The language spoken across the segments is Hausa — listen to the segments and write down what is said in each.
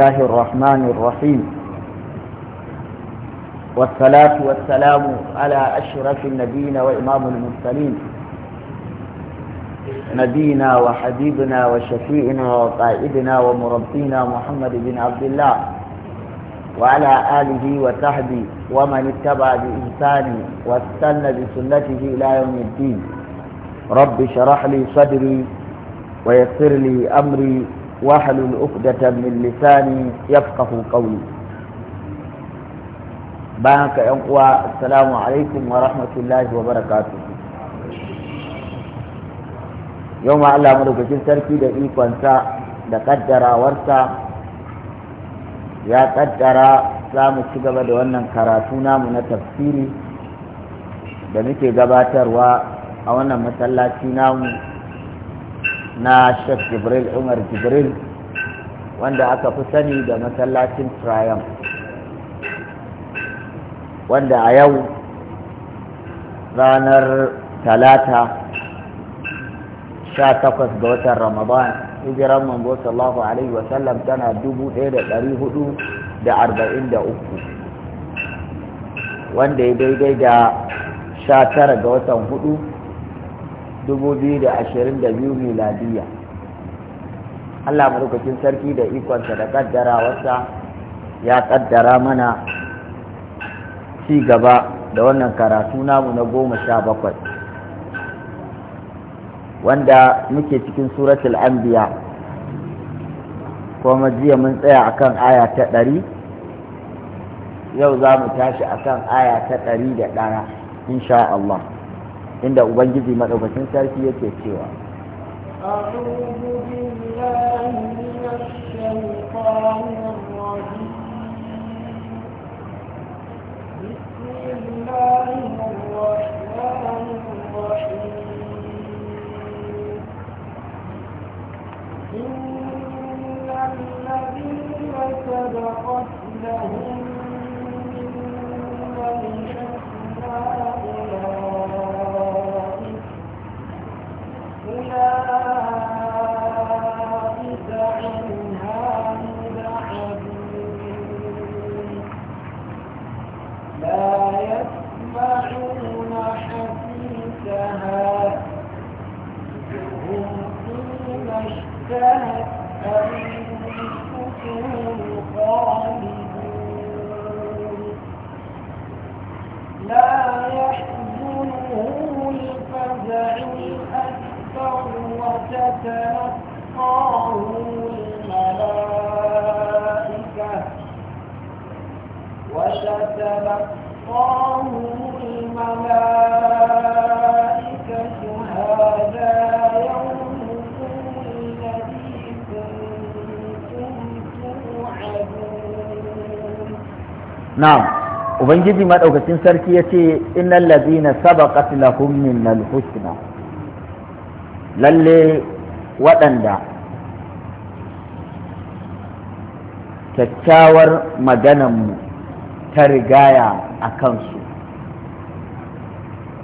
الله الرحمن الرحيم والصلاة والسلام على أشرف النبيين وإمام المرسلين نبينا وحبيبنا وشفيئنا وقائدنا ومربينا محمد بن عبد الله وعلى آله وصحبه ومن اتبع بإنسان واستنى بسنته إلى يوم الدين رب شرح لي صدري ويسر لي أمري واحلل عقدة من لساني يفقه قولي بانك ينقوى السلام عليكم ورحمة الله وبركاته يوم على ملوك جنسركي في دقيق وانساء لقدر ورسا يا قدر سلام الشقب دا كراتونا من تفسيري da muke gabatarwa a wannan masallaci namu na Sheikh Jibril Umar Jibril wanda aka fi sani da masallacin Triumph wanda a yau ranar talata sha takwas ga watan Ramadan hijiran manzo sallallahu alaihi wasallam tana dubu ɗaya da ɗari hudu da arba'in da uku wanda ya daidai da sha tara ga watan hudu 2022 miladiya Allah madaukakin sarki da ikonsa da wasa ya kaddara mana ci gaba da wannan karatu namu na goma sha bakwai wanda muke cikin suratul anbiya kuma jiya mun tsaya akan aya ta ɗari yau za mu tashi akan aya ta ɗari da ɗaya insha Allah inda ubangiji madaukakin sarki yake cewa لهم من الحسنى يجعلون حديثها هم فيما اشتهت أنفسهم خالدون لا يحزنه الفزع الأكبر وتتلقاه الملائكة وتتلقاه na'am ubangiji madaukakin sarki yace innal ladina sabaqat lahum minnal husna lalle waɗanda kyakkyawar maganarmu ta rigaya a kansu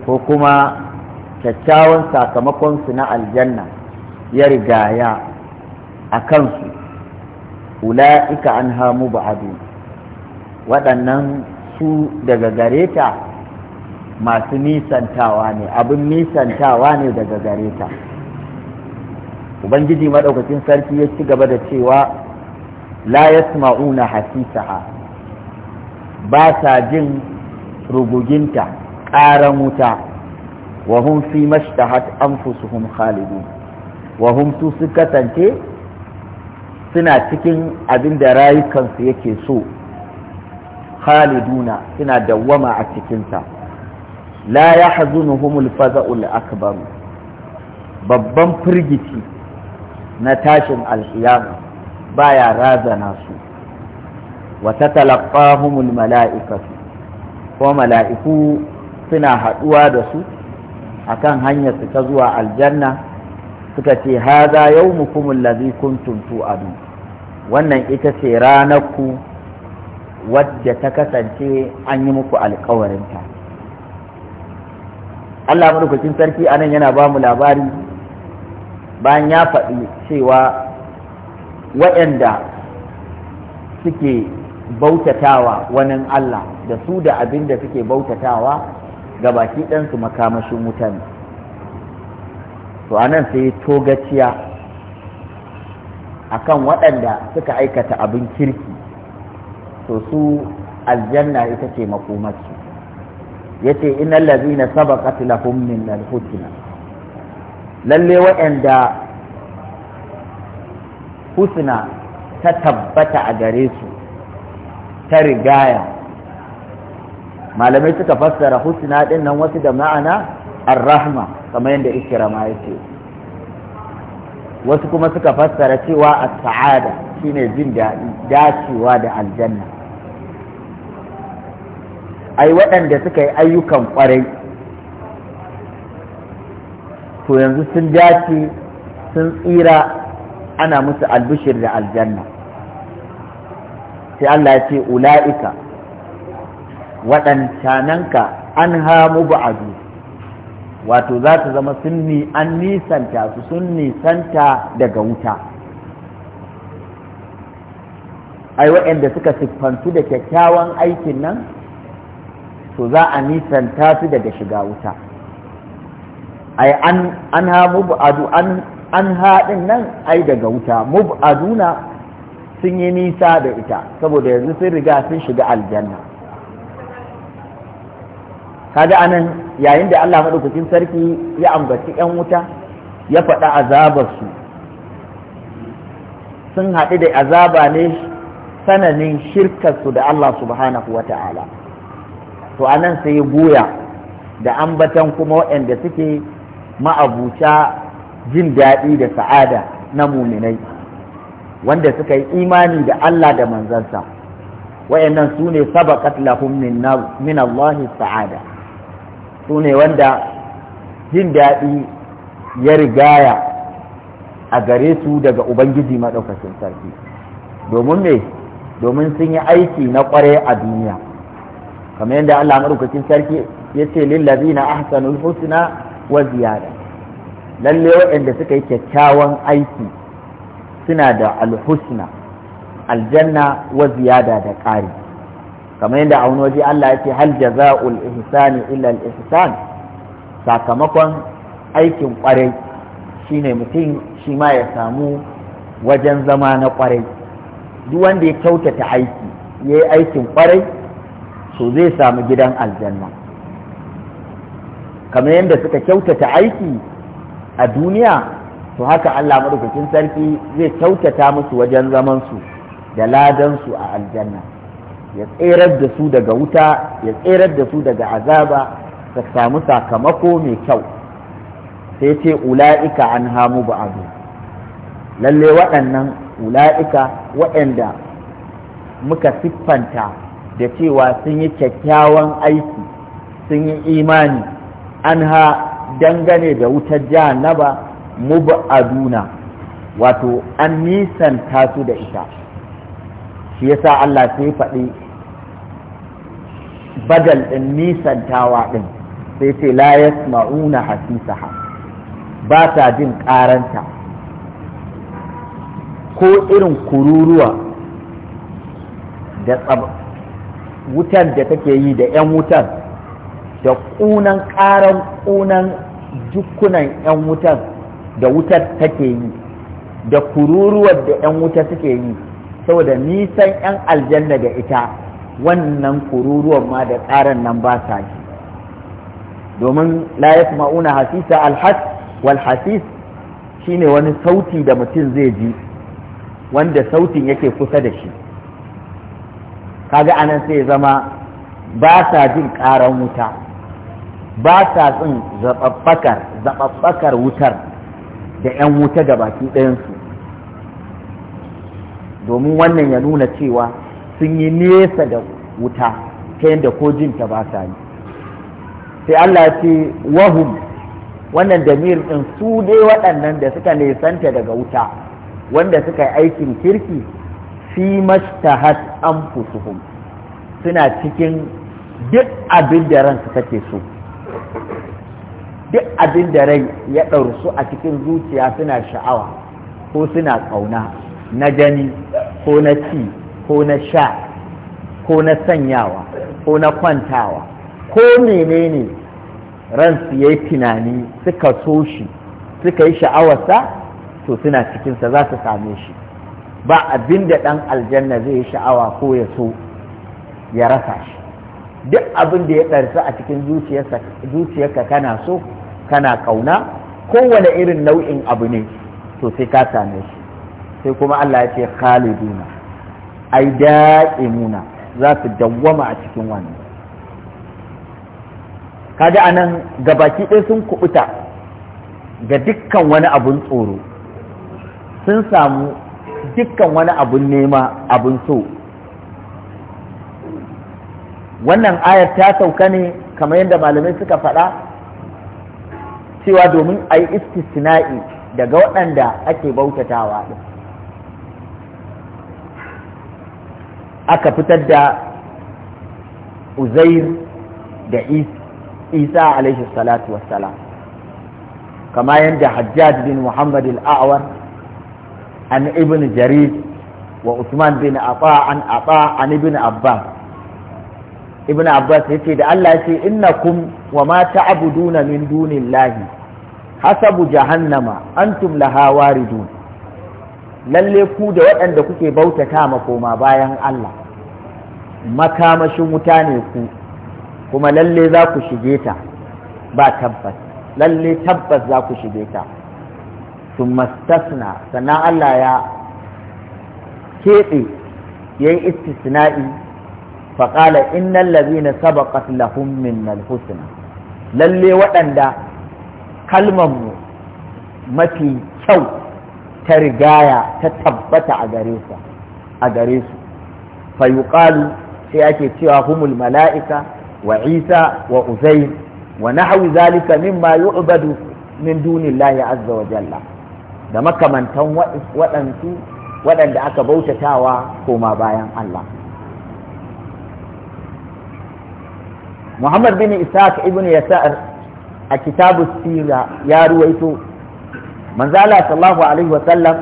ko kuma kyakkyawan sakamakonsu na aljanna ya rigaya a kansu ula'ika an hamu ba'adu waɗannan su daga gare ta masu nisantawa ne abin nisantawa ne daga gare ta ubangiji maɗaukacin sarki ya ci gaba da cewa la yasma'una hasisaha ba sa jin ruguginta ƙaran wuta wa hun fi mashtahat anfusuhum Khalidu. wa hun su su kasance suna cikin abin da rayukansu yake so khaliduna suna dawwama a cikinsa la ya yahzunuhumul faza'ul akbaru babban firgici na tashin ba baya razana su wa tatalaqahumul mala'ikatu ko mala'iku suna haɗuwa da su akan hanyar su ta zuwa aljanna suka ce haza yawmukum allazi kuntum tu'adu wannan ita ce ranar ku wadda ta kasance an yi muku alkawarinta Allah madaukakin sarki anan yana ba mu labari bayan ya faɗi cewa waɗanda suke bautatawa wani Allah da su da abin da suke bautatawa ga baki ɗansu makamashin wuta ne to anan sai togaciya akan waɗanda suka aikata abin kirki to su aljanna ita ce makomarsu yace innal ladina sabaqat lahum min al lalle waɗanda husna ta tabbata a gare su ta rigaya malamai suka fassara husna din nan wasu da ma'ana arrahma rahma kamar yadda ikrama yake wasu kuma suka fassara cewa as-sa'ada shine jin daɗi dacewa da aljanna ai waɗanda suka yi ayyukan kwarai to yanzu sun dace sun tsira ana musu albishir da aljanna sai Allah ya ce ula'ika waɗancananka an hamu ba'adu wato za ta zama sunni an nisanta su sun nisanta daga wuta ai waɗanda suka siffantu da kyakkyawan aikin nan to za a nisanta su daga shiga wuta ai an hamu ba'adu an haɗin nan ai daga wuta mub'aduna sun yi nisa da ita saboda yanzu sun riga sun shiga aljanna kada anan yayin da Allah madaukakin sarki ya ambaci yan wuta ya faɗa su sun haɗu da azaba ne sananin shirkarsu da Allah subhanahu wa ta'ala to anan sai goya da ambatan kuma waɗanda suke ma'abuta jin daɗi da sa'ada na muminai wanda suka yi imani da Allah da manzansa wayannan su ne sabaqat lahum min Allah sa'ada su ne wanda jin daɗi ya rigaya a gare su daga ubangiji maɗaukacin sarki domin me domin sun yi aiki na ƙware a duniya kamar yadda Allah maɗaukacin sarki ya ce na ahsanul husna wa ziyada lalle waɗanda suka yi kyakkyawan aiki suna da alhusna aljanna wa ziyada da ƙari kamar yadda a wani waje Allah ya ce hal jaza'ul ihsani illa al ihsan sakamakon aikin kwarai shine mutum shi ma ya samu wajen zama na kwarai duk wanda ya kyautata aiki ya yi aikin kwarai to zai samu gidan aljanna kamar yadda suka kyautata aiki a duniya to haka Allah madaukakin sarki zai kyautata musu wajen zaman su da ladan su a aljanna ya tserar da su daga wuta ya tserar da su daga azaba ta samu sakamako mai kyau sai ce ula'ika an hamu abu. lalle waɗannan ula'ika waɗanda muka siffanta da cewa sun yi kyakkyawan aiki sun yi imani an ha dangane da wutar ba? mub'aduna wato an nisanta su da ita shi yasa Allah sai faɗi badal ɗin nisantawa ɗin sai ce la yasma'una hasisaha ba ta jin ƙaranta ko irin kururuwa da wutan da take yi da 'yan wutan da ƙunan ƙaran ƙunan jukunan 'yan wutan da wutar take yi da kururuwar da 'yan wuta suke yi saboda nisan 'yan aljanna da ita wannan kururuwar ma da tsarin nan ba sa yi domin la yasma'una hasisa alhas walhasis shine wani sauti da mutum zai ji wanda sautin yake kusa da shi kaga anan sai zama ba sa jin ƙaran wuta ba sa tsin zaɓaɓɓakar wutar da 'yan wuta da baki ɗayansu domin wannan ya nuna cewa sun yi nesa da wuta ta yadda ko jinta ba sa yi sai Allah ce wahum wannan damir ɗin su dai waɗannan da suka nesanta daga wuta wanda suka yi aikin kirki fi mashtahat anfusuhum suna cikin duk abin da ransu take so duk abin da rai ya ɗarsu a cikin zuciya suna sha'awa ko suna ƙauna na gani ko na ci ko na sha ko na sanyawa ko na kwantawa ko menene ransu ya yi tunani suka so shi suka yi sha'awarsa to suna cikinsa za su same shi ba abin da ɗan aljanna zai yi sha'awa ko ya so ya rasa shi duk abin da ya ɗarsa a cikin zuciyarka kana so kana kauna kowane irin nau'in abu ne to sai ka same shi sai kuma Allah ya ce khaliduna ai da'imuna za su dawwama a cikin wannan kaga anan gabaki ɗaya sun kubuta ga dukkan wani abun tsoro sun samu dukkan wani abun nema abun so wannan ayar ta sauka ne kamar yadda malamai suka faɗa cewa domin a yi istisna'i daga waɗanda ake bautatawa ɗin aka fitar da uzair da isa alaihi salatu wassalam kama yadda hajjaj bin muhammad al'awar an ibn jarir wa usman bin afa an afa an ibn abbas ibn abbas ya ce da allah ya ce innakum wa ma ta'buduna min dunillahi hasabu jahannama antum laha waridun lalle ku da waɗanda kuke bautata ma koma bayan Allah makamashin wuta ne ku kuma lalle za ku shige ta ba tabbas lalle tabbas za ku shige ta mastasna sannan Allah ya keɓe ya yi istisna'i faƙala innal lazina sabaqat lahum min husna lalle waɗanda mu mafi kyau ta rigaya ta tabbata a gare su sai ake cewa humul mala'ika wa isa wa uzair wa nahwi zalika mimma yu'badu min dunillahi azza wa jalla da makamantan waɗansu waɗanda aka bautatawa koma bayan Allah Muhammad bin Isaac ibn Yasar a kitabu sira ya ruwaito manzala sallallahu alaihi wasallam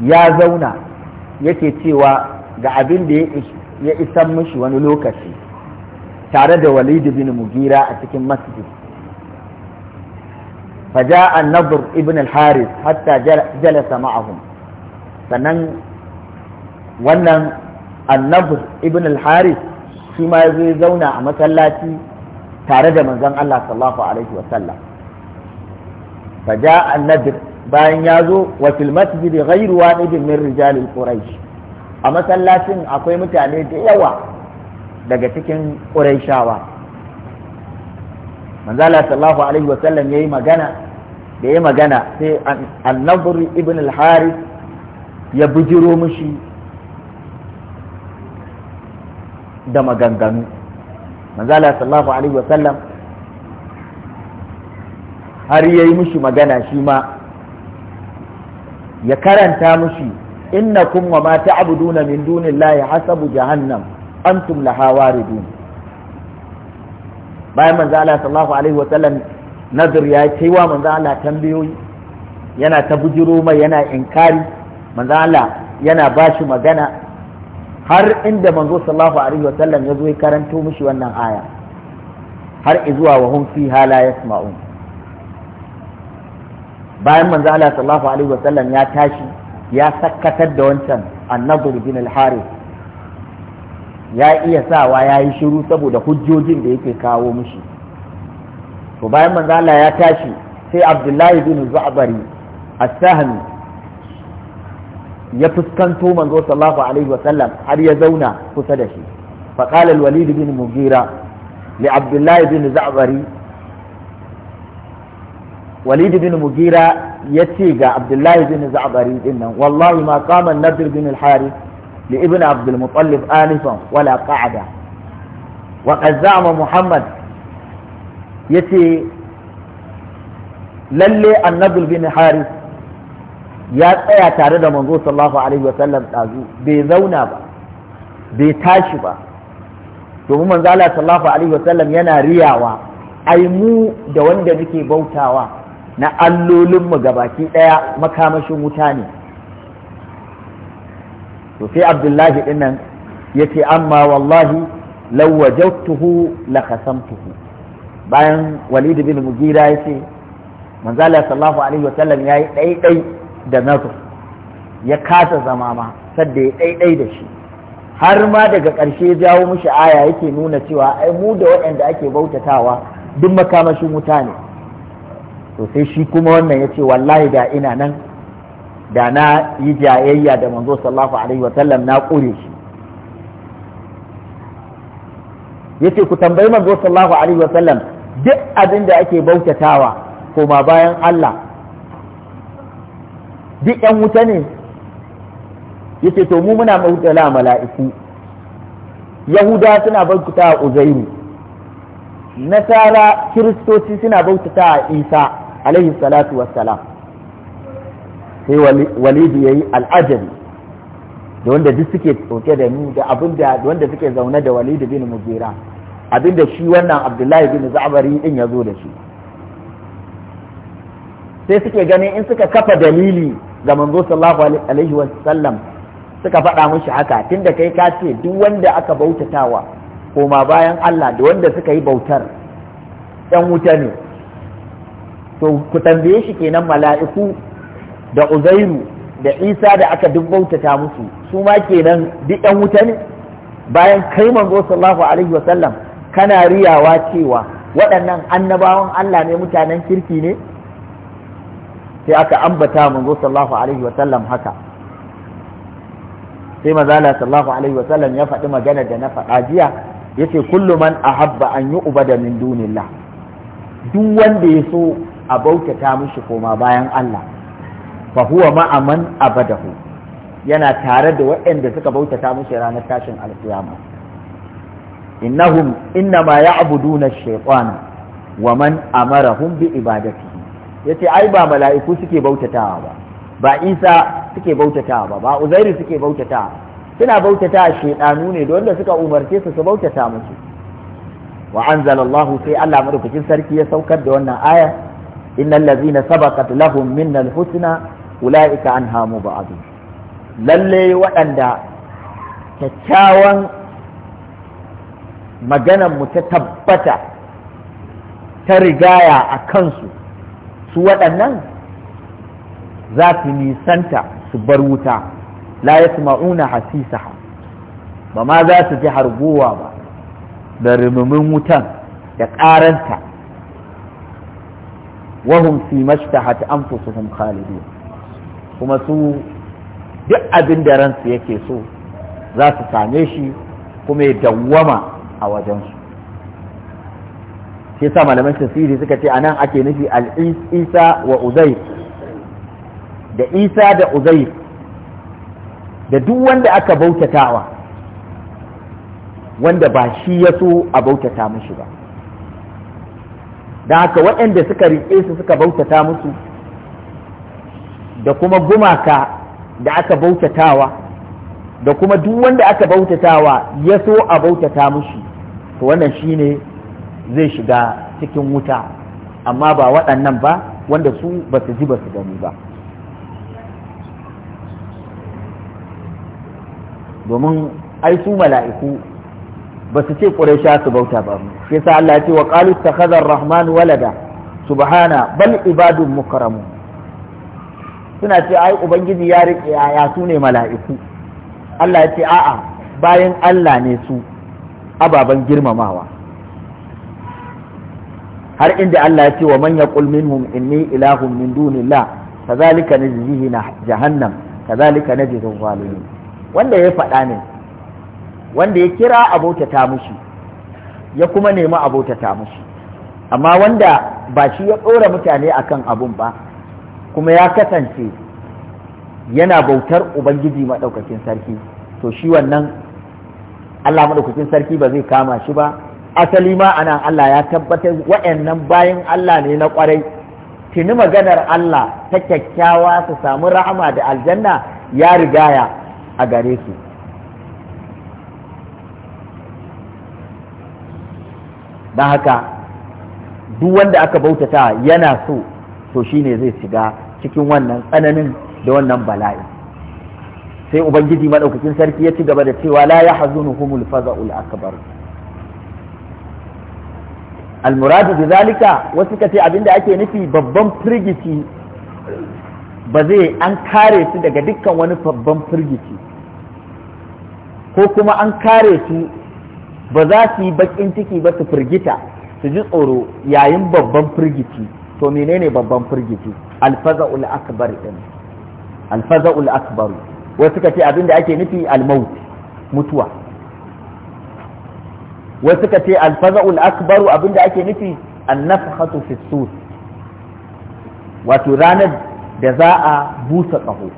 ya zauna yake cewa ga abin da ya isan mishi wani lokaci tare da walid bin mugira a cikin masjid فجاء ibn ابن الحارث حتى جلس معهم sannan wannan annabur ibn al-haris shi zai zauna a masallaci tare da manzon Allah sallallahu alaihi wa sallam bayan ya zo wa fil masjid na wahidin min rijal a masallacin akwai mutane da yawa daga cikin quraishawa manzon Allah sallam yayi magana da yayi magana sai an-nadir ibn al-harith ya bujiro mushi da maganganu manzala sallallahu alaihi wasallam har ya yi mushi magana shi ma ya karanta mushi innakum wa ma ta'buduna min dunillahi hasabu jahannam antum laha waridun bayan manzo Allah sallallahu alaihi wa sallam nadir ya ce wa manzo Allah tambayoyi yana ta bujiro mai yana inkari manzo Allah yana bashi magana har inda manzo sallallahu alaihi wa sallam ya zo ya karanto mishi wannan aya har izuwa wa hum fiha la yasma'un bayan manzo Allah sallallahu alaihi sallam ya tashi ya sakkatar da wancan annadur bin al-harith ya iya sawa ya yi shiru saboda hujjojin da yake kawo mishi to bayan manzo Allah ya tashi sai Abdullahi bin Zu'bari as-Sahmi ya fuskanto manzo sallallahu alaihi wa sallam har ya zauna kusa da shi fa qala al-walid bin Mugira li abdullah bin za'bari walid bin Mugira yace ga abdullah bin za'bari dinnan wallahi ma qama an-nadr bin al-harith li ibn abd al-muttalib anifan wala qa'ada wa qad za'ama muhammad yace lalle an-nadr bin harith ya tsaya tare da manzo sallallahu alaihi wasallam ɗazu bai zauna ba bai tashi ba domin manzo Allah sallallahu alaihi wasallam yana riyawa ai mu da wanda muke bautawa na allolinmu gabaki ɗaya makamashin wuta ne to sai abdullahi dinnan ya ce amma wallahi lawajautuhu la kasamtuhu bayan walid bin mugira ya ce manzala sallallahu alaihi wasallam ya yi ɗaiɗai da nazar ya kasa zama ma sadda ya ɗaiɗai da shi har ma daga ƙarshe jawo mishi aya yake nuna cewa ai mu da waɗanda ake bautatawa duk makamashin mutane ne to sai shi kuma wannan ya ce wallahi da ina nan da na yi jayayya da manzo sallallahu alaihi wasallam na ƙure shi yace ku tambayi manzo sallallahu alaihi wasallam duk abin da ake bautatawa koma bayan Allah duk yan wuta ne yake to mu muna bautala mala'iku yahuda suna bautata a uzairu nasara kiristoci suna bautata a isa alaihi salatu wassalam sai Walidu ya yi al'ajabi da wanda duk suke tsoke da ni da abin da wanda suke zaune da Walidu bin Mujera, abin da shi wannan abdullahi bin za'abari din ya zo da shi sai suke ganin in suka kafa dalili ga manzo sallallahu alaihi wa sallam suka faɗa mushi haka tunda kai ka ce duk wanda aka bautatawa koma bayan Allah da wanda suka yi bautar ɗan wuta ne to ku tambaye shi kenan mala'iku da uzairu da isa da aka duk bautata musu su ma kenan duk ɗan wuta ne bayan kai manzo sallallahu alaihi wasallam kana riyawa cewa waɗannan annabawan Allah ne mutanen kirki ne sai aka ambata manzo sallallahu alaihi wasallam haka sai mazala sallallahu alaihi wasallam ya faɗi magana da na faɗa jiya yace kullu man ahabba an yi ubada min dunillah duk wanda ya so a bautata mishi koma bayan Allah fa huwa ma'a man abadahu yana tare da waɗanda suka bautata mishi ranar tashin alkiyama innahum innama ya'buduna ash-shaytana wa man amarahum bi ibadati ya ce ai ba mala'iku suke bautatawa ba ba isa suke bautatawa ba ba uzairu suke bautatawa suna bautata shaidanu ne da suka umarce su su bautata musu wa anzalallahu sai Allah madaukakin sarki ya saukar da wannan aya innal ladzina sabaqat lahum minnal husna ulaika anha mubadu lalle waɗanda kyakkyawan maganan mu ta tabbata ta rigaya a kansu su waɗannan za su nisanta su bar wuta la yasma'una hasisaha ba ma za su ji hargowa ba da rimumin wutan da ƙaranta wahum fi mashtahat anfusuhum Khalidu. kuma su duk abin da ransu yake so za su same shi kuma ya dawwama a wajensu shi yasa malaman tafsiri suka ce anan ake nufi al-isa wa uzair da isa da uzair da duk wanda aka bautatawa wanda ba shi ya so a bautata mishi ba da haka waɗanda suka riƙe su suka bautata musu da kuma gumaka da aka bautatawa da kuma duk wanda aka bautatawa ya so a bautata mushi to wannan shine zai shiga cikin wuta amma ba waɗannan ba wanda su ba su ji ba su gani ba domin ai su mala'iku ba su ce ƙuraisha su bauta ba mu shi yasa Allah ya ce wa qalu takhadha ar-rahman walada subhana bal ibadun mukarramun suna ce ai ubangiji ya riƙe yaya su ne mala'iku Allah ya ce a'a bayan Allah ne su ababen girmamawa har inda Allah ya ce wa man yaqul minhum inni ilahun min dunillah kazalika najzihi jahannam kazalika najzi zalimin wanda ya faɗa ne wanda ya kira ta mushi ya kuma nemi ta mushi amma wanda ba shi ya ɗora mutane akan abun ba kuma ya kasance yana bautar ubangiji maɗaukakin sarki to shi wannan Allah maɗaukakin sarki ba zai kama shi ba asali ma anan Allah ya tabbatar wa'annan bayan Allah ne na kwarai tuni maganar Allah ta kyakkyawa su samu rahama da aljanna ya rigaya a gare su don haka duk wanda aka bautata yana so to shine zai shiga cikin wannan tsananin da wannan bala'i sai ubangiji maɗaukakin sarki ya ci gaba da cewa la ya hazunu faza'ul akbar almuradu bi zalika wasu kace abinda ake nufi babban firgici ba zai an kare su daga dukkan wani babban firgici ko kuma an kare su ba za su yi bakin ciki ba su firgita su ji tsoro yayin babban firgici to menene babban firgici alfaza'ul akbar din alfaza'ul akbar wasu kace abinda ake nufi almaut mutuwa wai suka ce alfaza'ul akbaru abinda ake nufi annafhatu fi sur wato ranar da za a busa ƙaho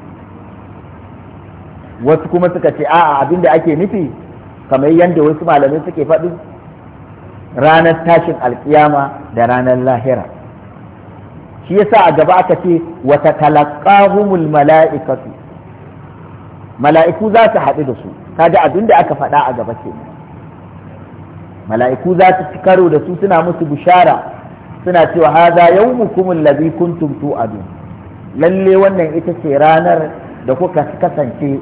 wasu kuma suka ce a'a abinda ake nufi kamar yadda wasu malamai suke faɗi ranar tashin alkiyama da ranar lahira shi yasa a gaba aka ce wata talaqahumul mala'ikatu mala'iku za su haɗu da su kaga abin da aka faɗa a gaba kenan mala'iku za su ci karo da su suna musu bishara suna cewa haza yau kun allazi a duk. lalle wannan ita ce ranar da kuka kasance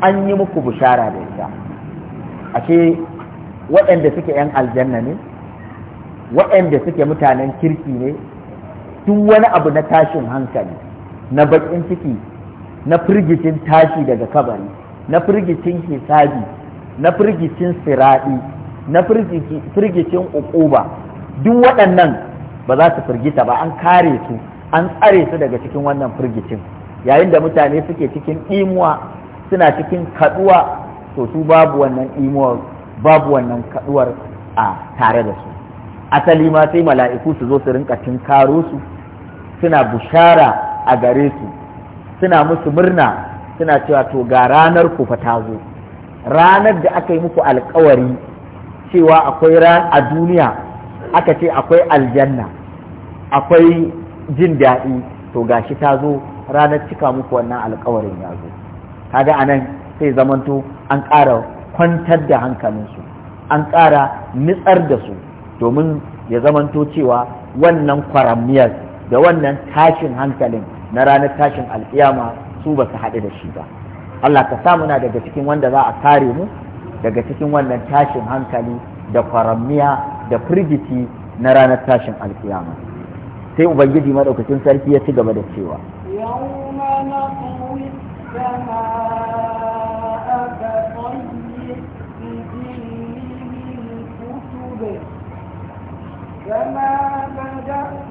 an yi muku bishara da ita ashe waɗanda suke 'yan aljanna ne waɗanda suke mutanen kirki ne duk wani abu na tashin hankali na baƙin ciki na firgicin tashi daga kabari na firgicin hisabi na firgicin siraɗi na firgicin uquba duk waɗannan ba za su firgita ba an kare su an tsare su daga cikin wannan firgicin yayin da mutane suke cikin imuwa suna cikin kaduwa to su babu wannan imuwa babu wannan kaduwar a tare da su asali ma sai mala'iku su zo su rinka tinkaro su suna bushara a gare su suna musu murna suna cewa to ga ranar ku fa ta zo ranar da aka yi muku alkawari cewa akwai ran a duniya aka ce akwai aljanna akwai jin daɗi to gashi ta zo ranar cika muku wannan alkawarin ya zo kaga anan sai zamanto an ƙara kwantar da hankalinsu an ƙara nitsar da su domin ya zamanto cewa wannan kwaramiyar da wannan tashin hankalin na ranar tashin alƙiyama su ba su haɗu da shi ba Allah ka sa muna daga cikin wanda za a kare mu daga cikin wannan tashin hankali da kwarammiya da firgiti na ranar tashin alkiyama sai ubangiji madaukakin sarki ya ci gaba da cewa كما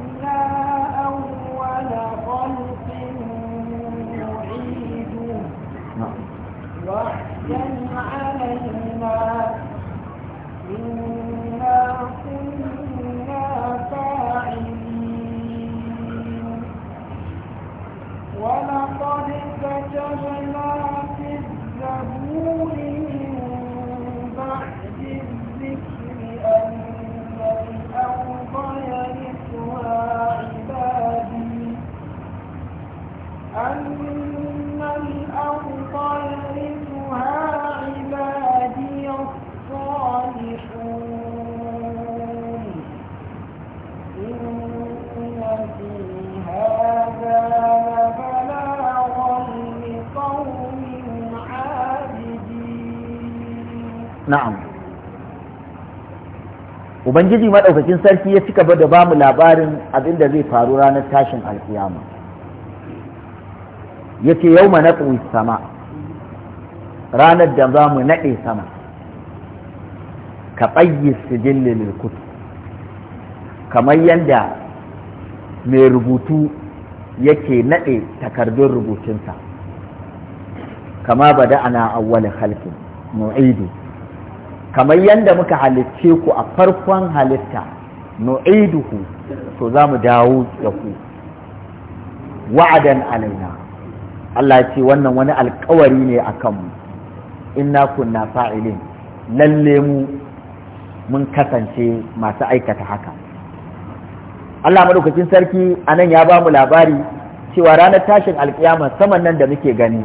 ubangiji maɗaukakin sarki ya cika da ba mu labarin abin da zai faru ranar tashin alkiyama ya ce yau ma sama ranar da za mu naɗe sama ka ɓayyi sijilli lilkut kamar yadda mai rubutu yake naɗe takardun rubutunsa kama bada ana awwal halkin mu'idu kamar yadda muka halicce ku a farkon halitta nu'iduhu to za mu dawo da ku wa'adan alaina Allah ce wannan wani alkawari ne a kanmu inna kunna fa'ilin lalle mu mun kasance masu aikata haka Allah madaukakin sarki a nan ya ba mu labari cewa ranar tashin alkiyama saman nan da muke gani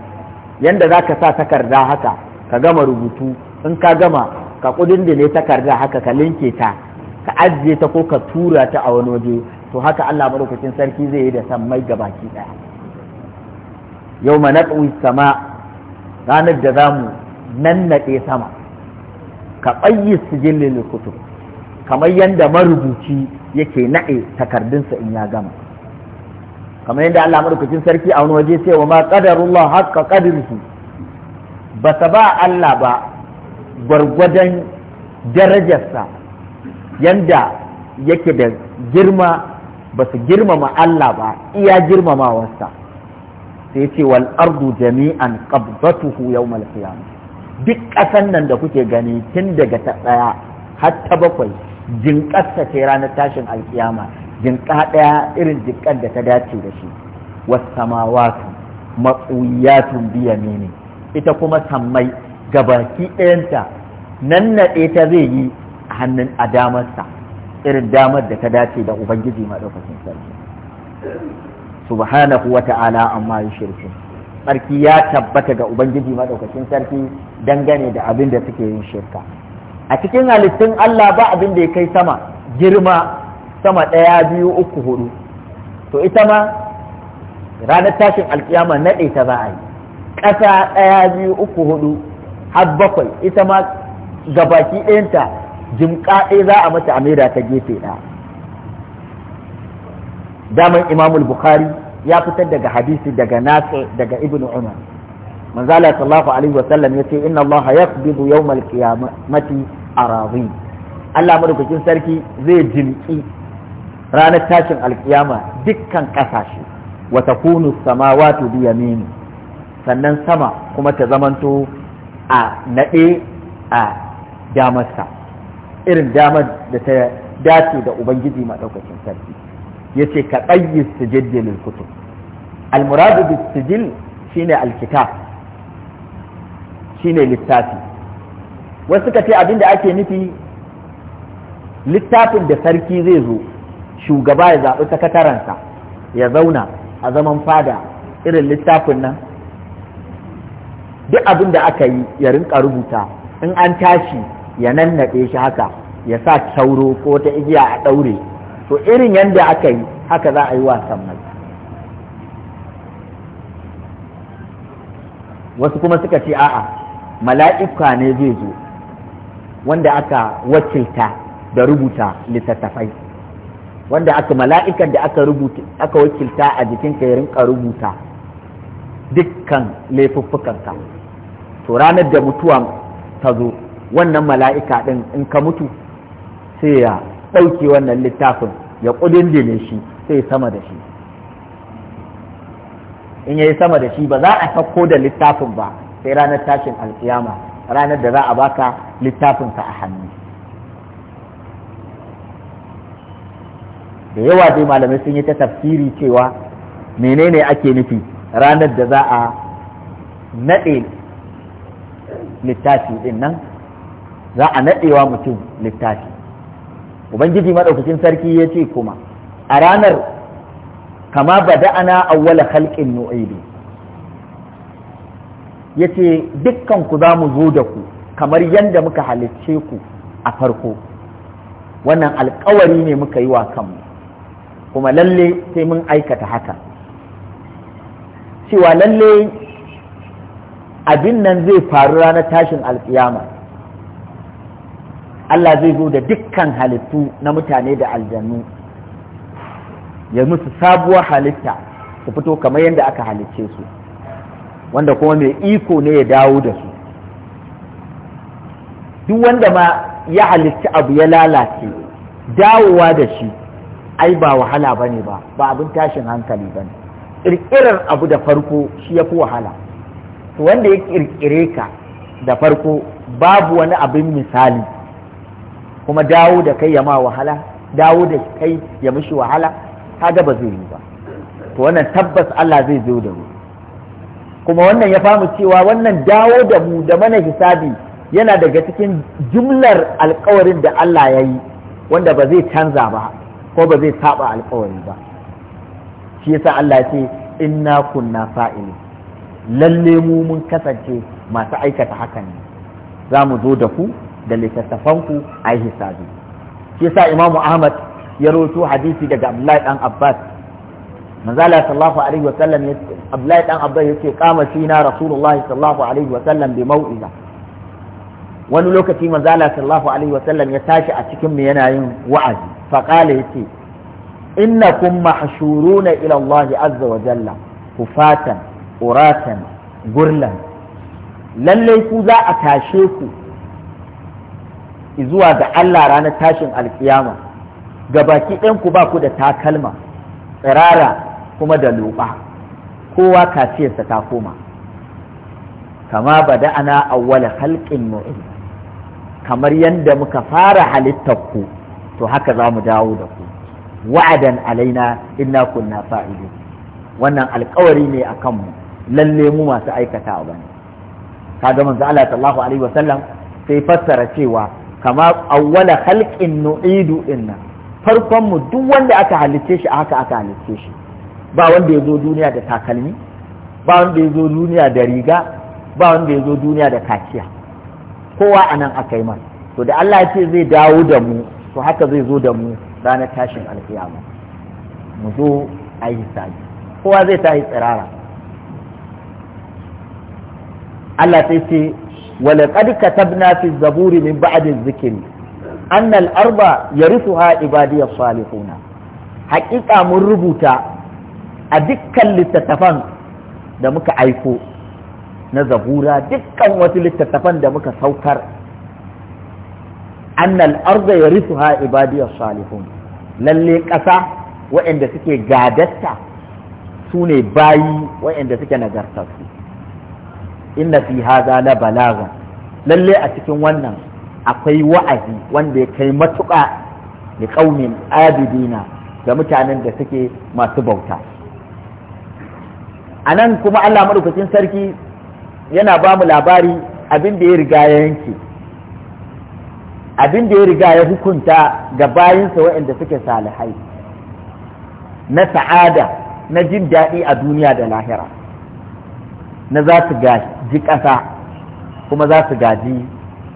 yadda za ka sa takarda haka ka gama rubutu in ka gama ka kudin da ne takarda haka ka linke ta ka ajiye ta ko ka tura ta a wani waje to haka Allah madaukakin sarki zai yi da san mai gabaki daya yau ma natsuwi sama ranar da za mu nannaɗe sama ka ɓayi sijillin kutub kamar yadda marubuci yake naɗe takardunsa in ya gama kamar yadda Allah madaukakin sarki a wani waje sai wa ma qadarullah haqqa qadrihi ba ta ba Allah ba gwargwadon darajarsa yanda yake da girma ba su girmama Allah ba iya girmamawarsa sai ce wal ardu jami'an qabdatuhu yawmal qiyamah duk ƙasan nan da kuke gani tun daga ta ɗaya har ta bakwai jinƙarsa ce ranar tashin alkiyama jinƙa ɗaya irin jinƙar da ta dace da shi wasu samawatu matsuyatun biya ne ita kuma sammai gabaki ɗayanta nan naɗe ta zai yi a hannun a damarsa irin damar da ta dace da ubangiji maɗaukakin sarki subhanahu wa ta'ala amma yi shirki sarki ya tabbata ga ubangiji maɗaukakin sarki dangane da abin da suke yin shirka a cikin halittun allah ba abin da ya kai sama girma sama ɗaya biyu uku hudu to ita ma ranar tashin alkiyama naɗe ta za a yi ƙasa ɗaya biyu uku hudu har bakwai ita ma gabaki ɗayanta jimka za a mata amira ta gefe ɗaya daman imamul bukhari ya fitar daga hadisi daga nafi daga ibnu umar manzala sallallahu alaihi wa sallam yace inna allah yaqbidu yawmal qiyamati arazi Allah madaukakin sarki zai jimki ranar tashin alkiyama dukkan kasashe wa takunu samawati bi yamini sannan sama kuma ta zamanto a naɗe a damarsa irin damar da ta dace da ubangiji maɗaukacin sarki ya ce ka ɗayyar sijil lil almuradu bis sijil shine alkitab shine littafi wasu suka ce abinda ake nufi littafin da sarki zai zo shugaba ya zaɓi sakataransa, ya zauna a zaman fada irin littafin nan duk abin da aka yi ya rinka rubuta in an tashi ya nannaɗe shi haka ya sa sauro ko ta igiya a ɗaure to irin yadda aka yi haka za a yi wasan mai wasu kuma suka ce a'a mala'ika ne zai zo wanda aka wakilta da rubuta littattafai wanda aka mala'ikan da aka rubuta aka wakilta a jikinka ya rinka rubuta dukkan laifuffukanka to ranar da mutuwa ta zo wannan mala'ika ɗin in ka mutu sai ya ɗauke wannan littafin ya dine shi sai sama da shi in ya yi sama da shi ba za a sauko da littafin ba sai ranar tashin alkiyama ranar da za a baka littafinka a hannu da yawa dai malamai sun yi ta tafsiri cewa menene ake nufi ranar da za a naɗe littafi ɗin nan za a naɗewa mutum littafi ubangiji maɗaukacin sarki ya ce kuma a ranar kama bada ana awwala halƙin nu'aibi ya ce dukkan ku za mu zo da ku kamar yadda muka halicce ku a farko wannan alkawari ne muka yi wa kanmu kuma lalle sai mun aikata haka cewa lalle abin nan zai faru ranar tashin alkiyama Allah zai zo da dukkan halittu na mutane da aljannu ya musu sabuwar halitta su fito kamar yadda aka halicce su wanda kuma mai iko ne ya dawo da su duk wanda ma ya halicci abu ya lalace dawowa da shi ai ba wahala bane ba ba abin tashin hankali ba ne ƙirƙirar abu da farko shi ya fi wahala to wanda ya kirkire ka da farko babu wani abin misali kuma dawo da kai ya ma wahala dawo da kai ya mishi wahala kaga ba zai yi ba to wannan tabbas Allah zai zo da mu kuma wannan ya famu cewa wannan dawo da mu da mana hisabi yana daga cikin jumlar alkawarin da Allah ya yi wanda ba zai canza ba ko ba zai saba alkawari ba shi yasa Allah ya ce inna kunna fa'ilin lalle mu mun kasance masu aikata hakan ne za mu zo da ku da littattafanku a yi hisabi shi sa imamu ahmad ya roto hadisi daga abdullahi dan abbas manzala sallallahu alaihi wa sallam abdullahi dan abbas yace kama shi na rasulullahi sallallahu alaihi wa sallam bi mau'iza wani lokaci manzala sallallahu alaihi wa sallam ya tashi a cikin mu yana yin wa'azi fa qala yace innakum mahshuruna ila Allah azza wa jalla kufatan uratan gurlan lallai ku za a tashe ku zuwa ga Allah ranar tashin alkiyama ga baki ɗan ku ba ku da takalma tsirara kuma da luɓa. kowa kafiyarsa ta koma kama bada ana auwala halƙin nu'in kamar yadda muka fara halittar ku to haka za mu dawo da ku wa'adan alaina inna kunna fa'ilu wannan alkawari ne a kanmu lalle mu masu aikatawa bane kaga manzo Allah sallallahu alaihi wasallam sai fassara cewa kama awwala khalqin nu'idu inna farkon mu duk wanda aka halicce shi haka aka halicce shi ba wanda ya zo duniya da takalmi ba wanda ya zo duniya da riga ba wanda ya zo duniya da kaciya kowa anan aka yi masa to da Allah ya ce zai dawo da mu to haka zai zo da mu ranar tashin alkiyama mu zo a yi kowa zai tashi tsirara Allah sai ce wala qad katabna fi zaburi min ba'di dhikri anna al-arba yarithuha ibadiy salihuna haƙiƙa mun rubuta a dukkan littattafan da muka aiko na zabura dukkan wasu littattafan da muka saukar annal arda yarithuha ibadiy salihun lalle ƙasa waɗanda suke gadatta su ne bayi waɗanda suke nagartattu inna fi hadha la balagha lalle a cikin wannan akwai wa'azi wanda ya kai matuƙa li qaumin abidina ga mutanen da suke masu bauta anan kuma Allah madaukakin sarki yana ba mu labari abin da ya riga ya yanke abin da ya riga ya hukunta ga bayinsa waɗanda suke salihai na sa'ada na jin daɗi a duniya da lahira na za su gashi ji ƙasa kuma za su gaji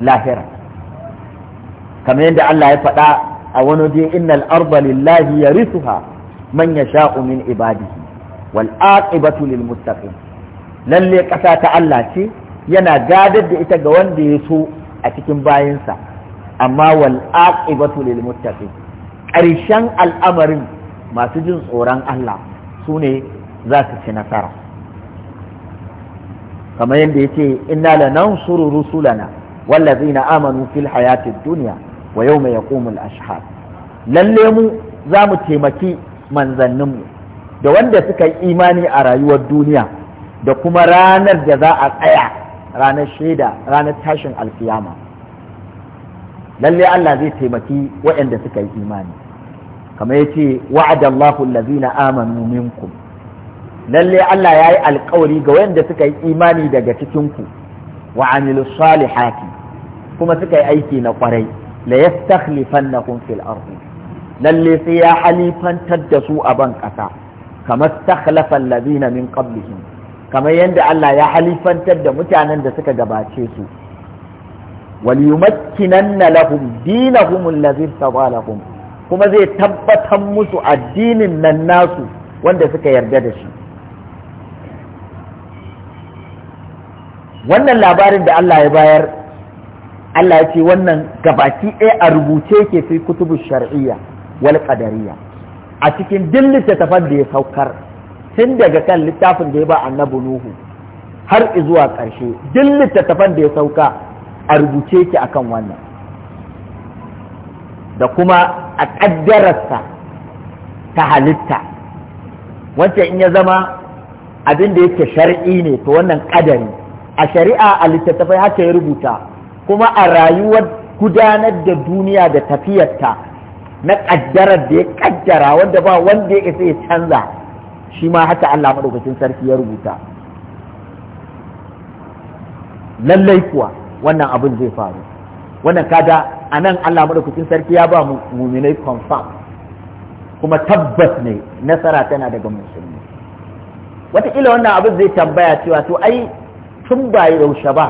lahira kamar yadda Allah ya faɗa a wani waje innal arda lillahi yarithuha man yasha'u min ibadihi wal aqibatu lil muttaqin lalle ƙasa ta Allah ce yana gadar da ita ga wanda ya so a cikin bayinsa amma wal aqibatu lil muttaqin ƙarshen al'amarin masu jin tsoron Allah su ne za su ci nasara kamar yadda yace inna lanansuru rusulana wallazina amanu fil hayati dunya wa yawma yaqumul ashhad lalle mu za mu taimaki mu da wanda suka yi imani a rayuwar duniya da kuma ranar da za a tsaya ranar shaida ranar tashin alkiyama lalle Allah zai taimaki waɗanda suka yi imani kamar yace wa'adallahu allazina amanu minkum lalle Allah ya yi alkawari ga wanda suka yi imani daga cikinku wa amilu salihati kuma suka yi aiki na kwarai la yastakhlifannahum fil ardi lalle sai ya halifantar da su a ban kasa kamar stakhlafa allazina min qablihim kamar yadda Allah ya halifantar da mutanen da suka gabace su وليمكنن لهم دينهم الذي ارتضى kuma zai tabbatar musu addinin nan nasu wanda suka yarda da shi wannan labarin da Allah ya bayar Allah ya ce wannan gabaki ɗaya a rubuce ke fi kutubu shar'iyya wal a cikin duk littattafan da ya saukar tun daga kan littafin da ya ba annabi nuhu har zuwa ƙarshe duk littattafan da ya sauka a rubuce ki akan wannan da kuma a ƙaddararsa ta halitta wancan in ya zama abin da yake shar'i ne to wannan ƙadari a shari'a a littattafai haka ya rubuta kuma a rayuwar gudanar da duniya da tafiyarta na ƙaddarar da ya ƙaddara wanda ba wanda ya sai ya canza shi ma haka Allah maɗaukacin sarki ya rubuta lallai kuwa wannan abin zai faru wannan kada a nan Allah maɗaukacin sarki ya ba mu, muminai confirm kuma tabbas ne nasara tana daga musulmi wataƙila wannan abin zai tambaya cewa to ai tun ba yaushe ba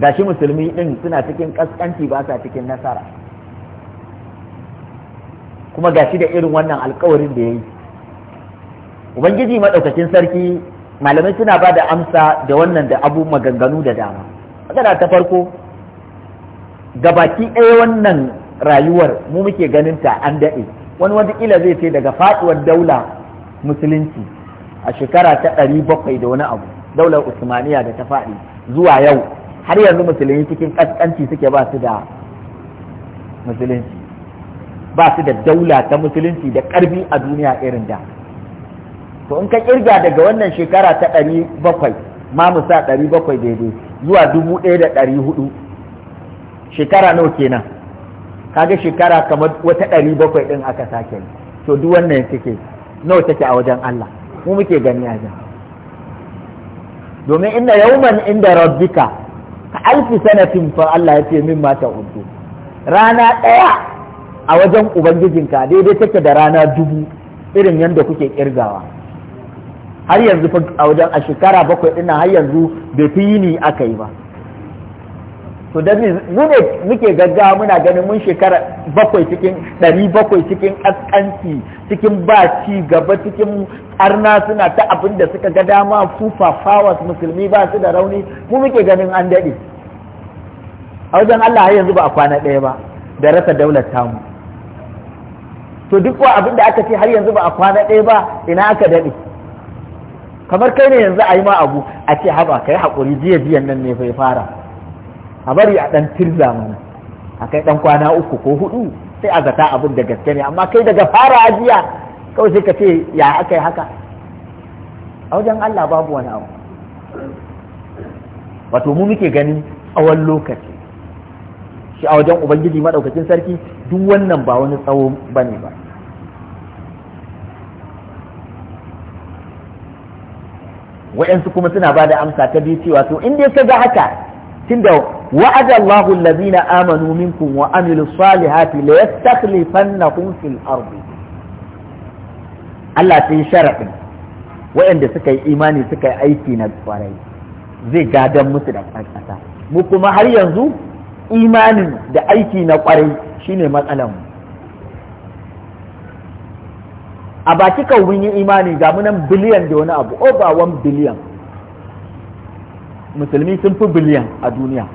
da shi musulmi ɗin suna cikin ƙasƙanci ba sa cikin nasara kuma ga shi da irin wannan alkawarin da ya yi ubangiji maɗaukakin sarki malamai suna ba da amsa da wannan da abu maganganu da dama magana ta farko gabaki ɗaya wannan rayuwar mu muke ganin ta an daɗe wani wataƙila zai ce daga faɗuwar daula musulunci a shekara ta ɗari bakwai da wani abu daular usmaniya da ta faɗi zuwa yau har yanzu musulmi cikin ƙasƙanci suke ba su da musulunci ba su da daula ta musulunci da ƙarfi a duniya irin da to in ka kirga daga wannan shekara ta ɗari bakwai ma musa ɗari bakwai daidai zuwa dubu ɗaya da ɗari hudu shekara nawa kenan kaga shekara kamar wata ɗari bakwai ɗin aka sake to duk wannan suke nawa take a wajen Allah mu muke gani a jan domin inna yawman inda rabbika ka alfi sanatin fa Allah ya ce min mata uddu rana ɗaya a wajen ubangijinka daidai take da rana dubu irin yadda kuke kirgawa har yanzu a wajen a shekara bakwai ina har yanzu bai fi yini aka yi ba to da mu ne muke gaggawa muna ganin mun shekara bakwai cikin ɗari bakwai cikin ƙasƙanci cikin ba ci gaba cikin arna suna ta abin da suka ga dama fufa fawas musulmi ba su da rauni mu muke ganin an daɗe a wajen Allah har yanzu ba a kwana ɗaya ba da rasa daular tamu to duk wa abin da aka ce har yanzu ba a kwana ɗaya ba ina aka daɗe kamar kai ne yanzu a yi ma abu a ce ka yi haƙuri jiya jiyan nan ne bai fara a bari a ɗan tirza mana a kai ɗan kwana uku ko hudu sai a zata abin da gaske ne amma kai daga fara ajiya kawai sai ka ce ya aka yi haka a wajen Allah babu wani abu wato mu muke gani tsawon lokaci shi a wajen ubangiji maɗaukakin sarki duk wannan ba wani tsawo ba ba wa'yansu kuma suna ba da amsa ta biyu cewa to in dai ka ga haka tun da. وعد الله الذين آمنوا منكم وعملوا الصالحات ليستخلفنكم في الأرض Allah sai sharaɗin waɗanda suka yi imani suka yi aiki na kwarai zai gadon musu da mu kuma har yanzu imanin da aiki na kwarai shine mu. a baki kawun yi imani ga munan biliyan da wani biliyan musulmi sun fi biliyan a duniya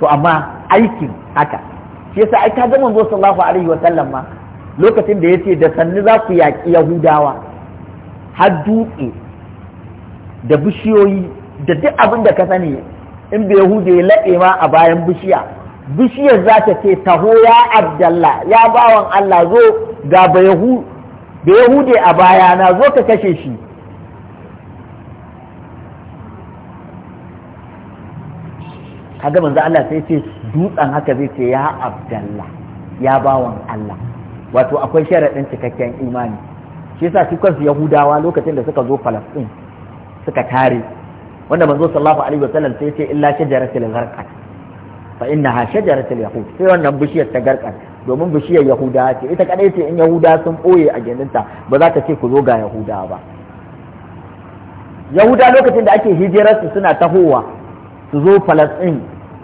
to amma aikin haka shi yasa ai ka ga manzo sallallahu alaihi wa sallam ma lokacin da yace da sanni za ku yaƙi yahudawa har dutse da bishiyoyi da duk abin da ka sani in bai yahude ya laɓe ma a bayan bishiya bishiyar za ta ce taho ya abdallah ya bawan allah zo ga ba yahude a baya na zo ka kashe shi kaga manzo Allah sai ce dutsen haka zai ce ya abdallah ya bawan Allah wato akwai sharaɗin cikakken imani shi yasa su kansu yahudawa lokacin da suka zo falastin suka tare wanda manzo sallallahu alaihi wasallam sai ce illa shajaratul gharqat fa innaha shajaratul yahud sai wannan bishiyar ta garkar domin bishiyar yahuda ce ita kadai ce in yahuda sun boye a gindinta ba za ta ce ku zo ga yahuda ba yahuda lokacin da ake hijirarsu suna tahowa su zo falastin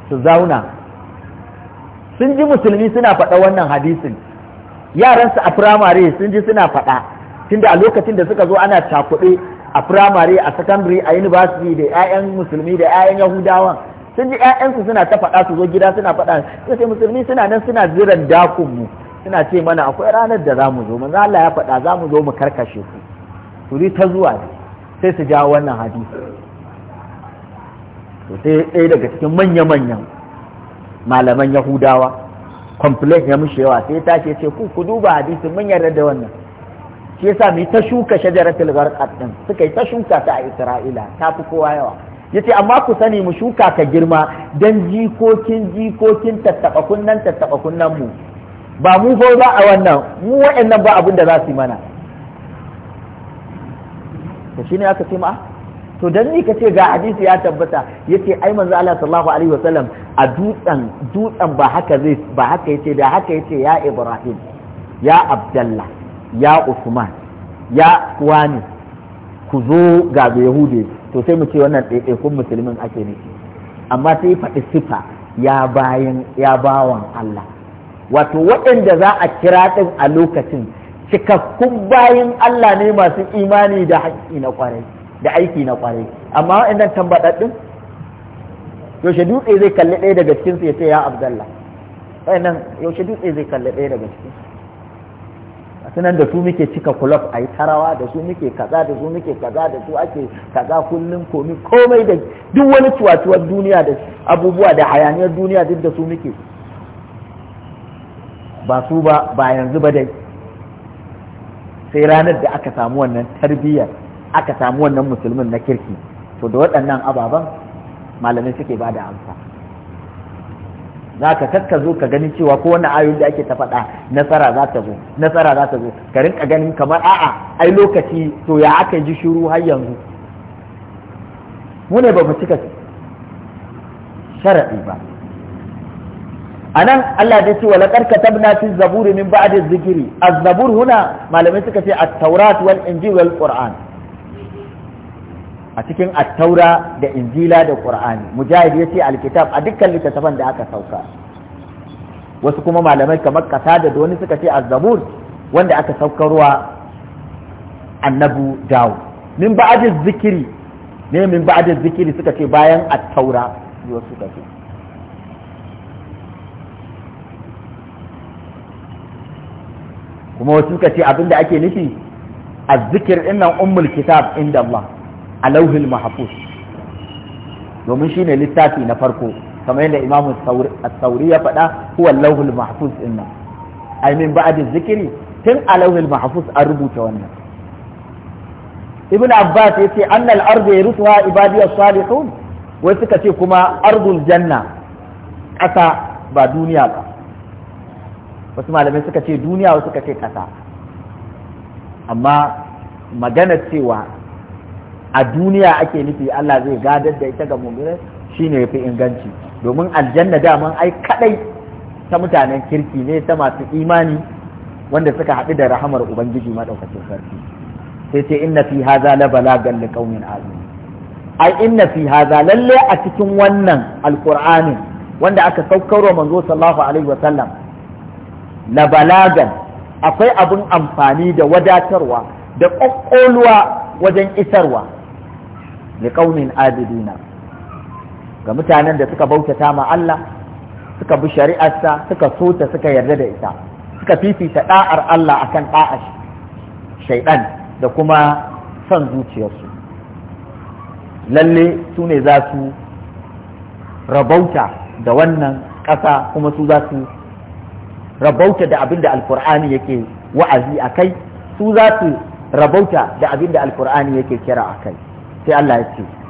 su zauna sun ji musulmi suna faɗa wannan hadisin yaransu a firamare sun ji suna faɗa tunda a lokacin da suka zo ana cakuɗe a firamare a sakandare a university da 'ya'yan musulmi da 'ya'yan yahudawan sun ji 'ya'yansu suna ta faɗa su zo gida suna faɗa sai musulmi suna nan suna ziran dakun mu suna ce mana akwai ranar da za mu zo manzo Allah ya faɗa za mu zo mu karkashe ku su ta zuwa sai su jawo wannan hadisi to sai ɗaya daga cikin manya-manyan malaman yahudawa complex ya mushe yawa sai tashi ce ku ku duba hadisi mun yarda da wannan shi yasa mu ta shuka shajaratul gharqat din suka yi ta shuka ta a Isra'ila ta fi kowa yawa yace amma ku sani mu shuka ka girma dan jikokin jikokin tattaba kunnan tattaba kunnan mu ba mu ba a wannan mu wa'annan ba abin da za su yi mana to shine aka ce ma ah, to dan ni kace ga hadisi ya tabbata yace ai manzo Allah sallallahu alaihi wasallam a dutsen dutsen ba haka zai ba haka yace da haka yace ya Ibrahim ya Abdullah ya Usman ya wani ku zo ga Yahudi to sai mu ce wannan kun musulmin ake ne amma sai faɗi sifa ya bayan ya bawan Allah wato waɗanda za a kira ɗin a lokacin cikakkun bayan Allah ne masu imani da haƙƙi na ƙwarai da aiki na kware amma waɗannan tambadaddin yaushe dutse zai kalli ɗaya daga cikin su ya ce ya abdallah waɗannan yaushe dutse zai kalli ɗaya daga cikin su sunan da su muke cika kulof a yi tarawa da su muke kaza da su muke kaza da su ake kaza kullum komi komai da duk wani cuwatuwar duniya da abubuwa da hayaniyar duniya duk da su muke ba su ba ba yanzu ba dai sai ranar da aka samu wannan tarbiyyar aka samu wannan musulmin na kirki to da waɗannan ababen malamai suke ba da amsa za ka kakka zo ka ganin cewa ko wani ayoyi da ake ta faɗa nasara za ta zo nasara za ta zo ka rinka ganin kamar a'a ai lokaci to ya aka ji shiru har yanzu mu ne ba mu cika sharaɗi ba anan Allah da ce wala karka tabna fi zaburi min ba'da zikiri az-zabur huna malamai suka ce at-taurat wal injil wal qur'an a cikin attaura da injila da qur'ani mujahid ya ce alkitab a dukkan littattafan da aka sauka wasu kuma malamai kamar kasa da wani suka ce azzabur wanda aka saukarwa annabu dawo min ba'adiz zikiri ne min ba'adiz zikiri suka ce bayan attaura wasu suka ce kuma wasu suka ce abinda ake nufi azzikir innan ummul kitab inda Allah a lauhin domin shi ne littafi na farko kamar yadda imamu sauri ya faɗa huwa lauhul mahfuz din nan ai min ba'd zikiri tun a lauhul mahfuz an rubuta wannan ibn abbas yace annal ardu yarusuha ibadiyas salihun wai suka ce kuma ardul janna ƙasa ba duniya ba wasu malamai suka ce duniya wasu suka ce ƙasa amma magana cewa a duniya ake nufi Allah zai gadar da ita ga mu'minai shine yafi inganci domin aljanna daman ai kadai ta mutanen kirki ne ta masu imani wanda suka haɗu da rahamar ubangiji maɗaukacin sarki sai ce inna fi haza la balagan li qaumin azim ai inna fi haza lalle a cikin wannan alqur'ani wanda aka saukarwa manzo sallallahu alaihi wa sallam la balagan akwai abin amfani da wadatarwa da ƙwaƙƙoluwa wajen isarwa liqaumin abidina ga mutanen da suka bautata ma Allah suka bi shari'arsa suka sota suka yarda da ita suka fifita da'ar Allah akan da'a shaiɗan da kuma son zuciyarsu lalle su ne za su rabauta da wannan ƙasa kuma su za su rabauta da abin da alkur'ani yake wa'azi a kai su za su rabauta da abin da alkur'ani yake kira a kai sai Allah ya ce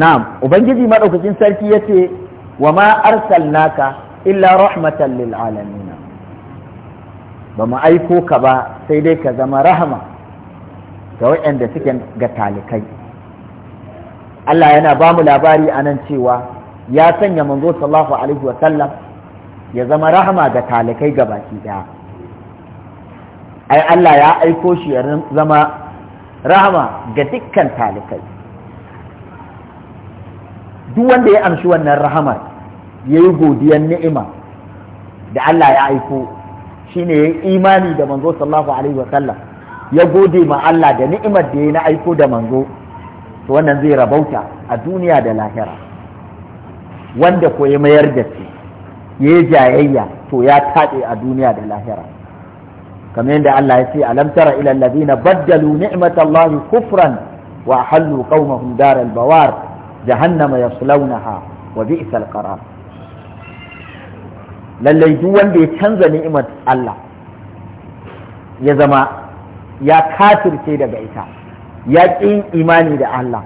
na'am ubangiji madaukakin sarki ya ce wa ma arsalnaka illa rahmatan lil alamin ba mu aiko ka ba sai dai ka zama rahama ga waɗanda suke ga talikai Allah yana bamu labari a nan cewa ya sanya manzo sallallahu wa sallam ya zama rahma ga talikai ga baki daya ai Allah ya aiko shi ya zama rahama ga dukkan talikai duk wanda ya amshi wannan rahamar ya yi godiyar ni'ima da Allah ya aiko shine ya yi imani da manzo sallallahu alaihi wa sallam ya gode ma Allah da ni'imar da ya na aiko da manzo to wannan zai rabauta a duniya da lahira wanda ko ya mayar da shi ya yi jayayya to ya taɗe a duniya da lahira kamar yadda Allah ya ce alam tara ila alladhina baddalu ni'matallahi kufran wa halu qaumahum daral bawar jahannama yaslaunaha wa bi'sal qarar lallai duk wanda ya canza ni'imar Allah ya zama ya kafirce daga ita ya ƙi imani da Allah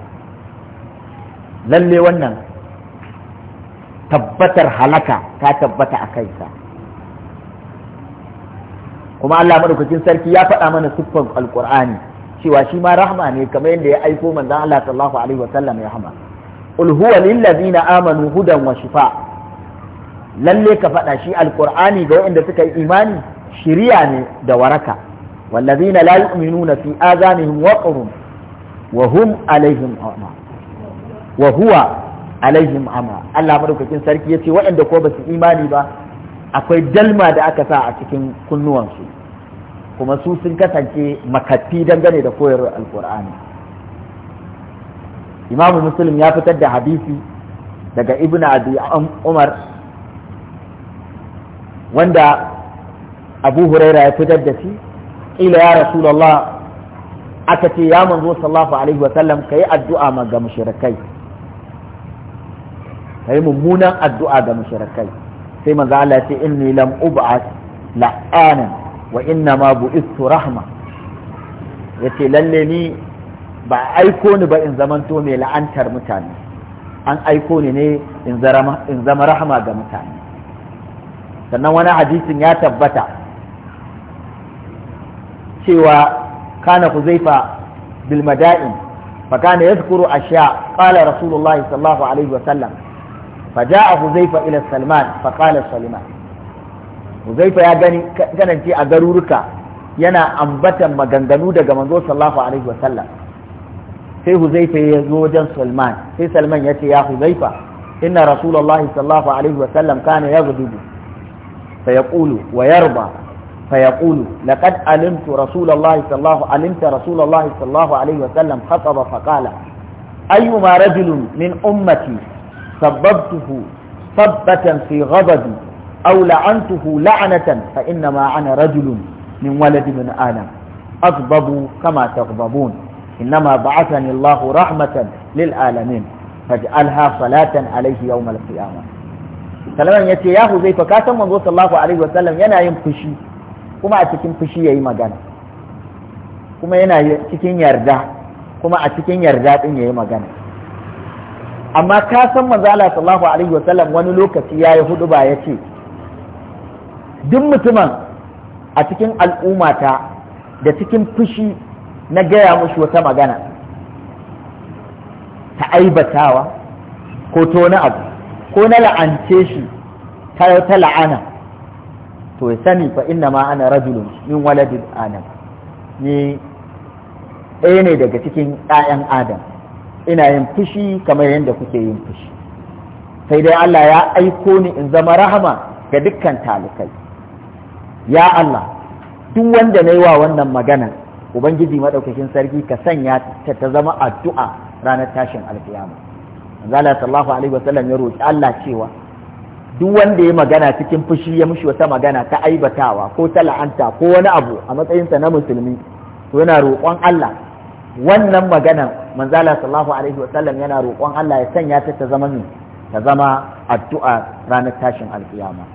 lallai wannan tabbatar halaka ta tabbata a kansa kuma Allah madaukakin sarki ya faɗa mana siffar Alƙur'ani cewa shi ma rahma ne kamar yadda ya aiko manzon Allah sallallahu alaihi wa ya qul huwa amanu hudan wa shifa lalle ka faɗa shi alqur'ani ga waɗanda suka yi imani Shirya ne da waraka wallazina la yu'minuna fi azanihim waqrun wa hum alaihim ama wa huwa alaihim Amma. Allah madaukakin sarki ce waɗanda ko ba su imani ba akwai dalma da aka sa a cikin kunnuwansu kuma su sun kasance makaffi dangane da koyarwar alkur'ani imamu muslim ya fitar da hadisi daga ibn abi umar wanda abu huraira ya fitar da shi ila ya rasulullah aka ce ya manzo sallallahu alaihi wa sallam kai addu'a ma ga mushrikai kai mummunan addu'a ga mushrikai sai manzo Allah ya ce inni lam ub'as la'ana, wa inna ma bu'istu rahma yace lalle ni ba aiko ni ba in zamanto mai la'antar mutane an aiko ni ne in zama rahama ga mutane sannan wani hadisin ya tabbata cewa kana huzaifa bil mada'in fa kana yadhkuru ashya qala rasulullahi sallallahu alaihi wa sallam fa ja'a huzaifa ila salman fa qala salman huzaifa ya gani kananci a garuruka yana ambatan maganganu daga manzo sallallahu alaihi wa sallam sai huzaifa ya zo wajen sulman sai sulman ya ce ya huzaifa inna rasulullahi sallallahu alaihi wa sallam kana yaghdubu fa yaqulu wa yarba fa yaqulu laqad alimtu rasulullahi sallallahu alimta rasulullahi sallallahu alaihi wa sallam khataba fa qala ayyuma rajulun min ummati sababtuhu sabbatan fi ghadabi aw la'antuhu la'natan fa inna ma ana rajulun min waladi min adam أغضبوا kama taghdabun إنما بعثني الله رحمة للعالمين فاجعلها صلاة عليه يوم القيامة سلمان يتي يا حذيفة كاتم منذ صلى الله عليه وسلم ينا ينفشي كما أتكين فشي يما جانا كما ينا يتكين يرجع كما أتكين يرجع إن يما جانا أما كاتم منذ صلى الله عليه وسلم ونلوك يا يهود بايتي دم تمام أتكين الأمة da cikin fushi na gaya mushi wata magana ta aibatawa ko to wani abu ko na la'ance shi ta la'ana to ya sani fa inna ma ana rajulun min waladin adam ni ɗaya ne daga cikin ɗayan adam ina yin fushi kamar yadda kuke yin fushi sai dai Allah ya aiko ni in zama rahama ga dukkan talikai ya Allah duk wanda na yi wa wannan magana ubangiji madaukakin sarki ka sanya ta ta zama addu'a ranar tashin alkiyama manzala sallallahu alaihi wasallam ya roki Allah cewa duk wanda ya magana cikin fushi ya mushi wata magana ta aibatawa ko ta la'anta ko wani abu a matsayinsa na musulmi to yana roƙon Allah wannan magana manzala sallallahu alaihi wasallam yana roƙon Allah ya sanya ta ta zama ta zama addu'a ranar tashin alkiyama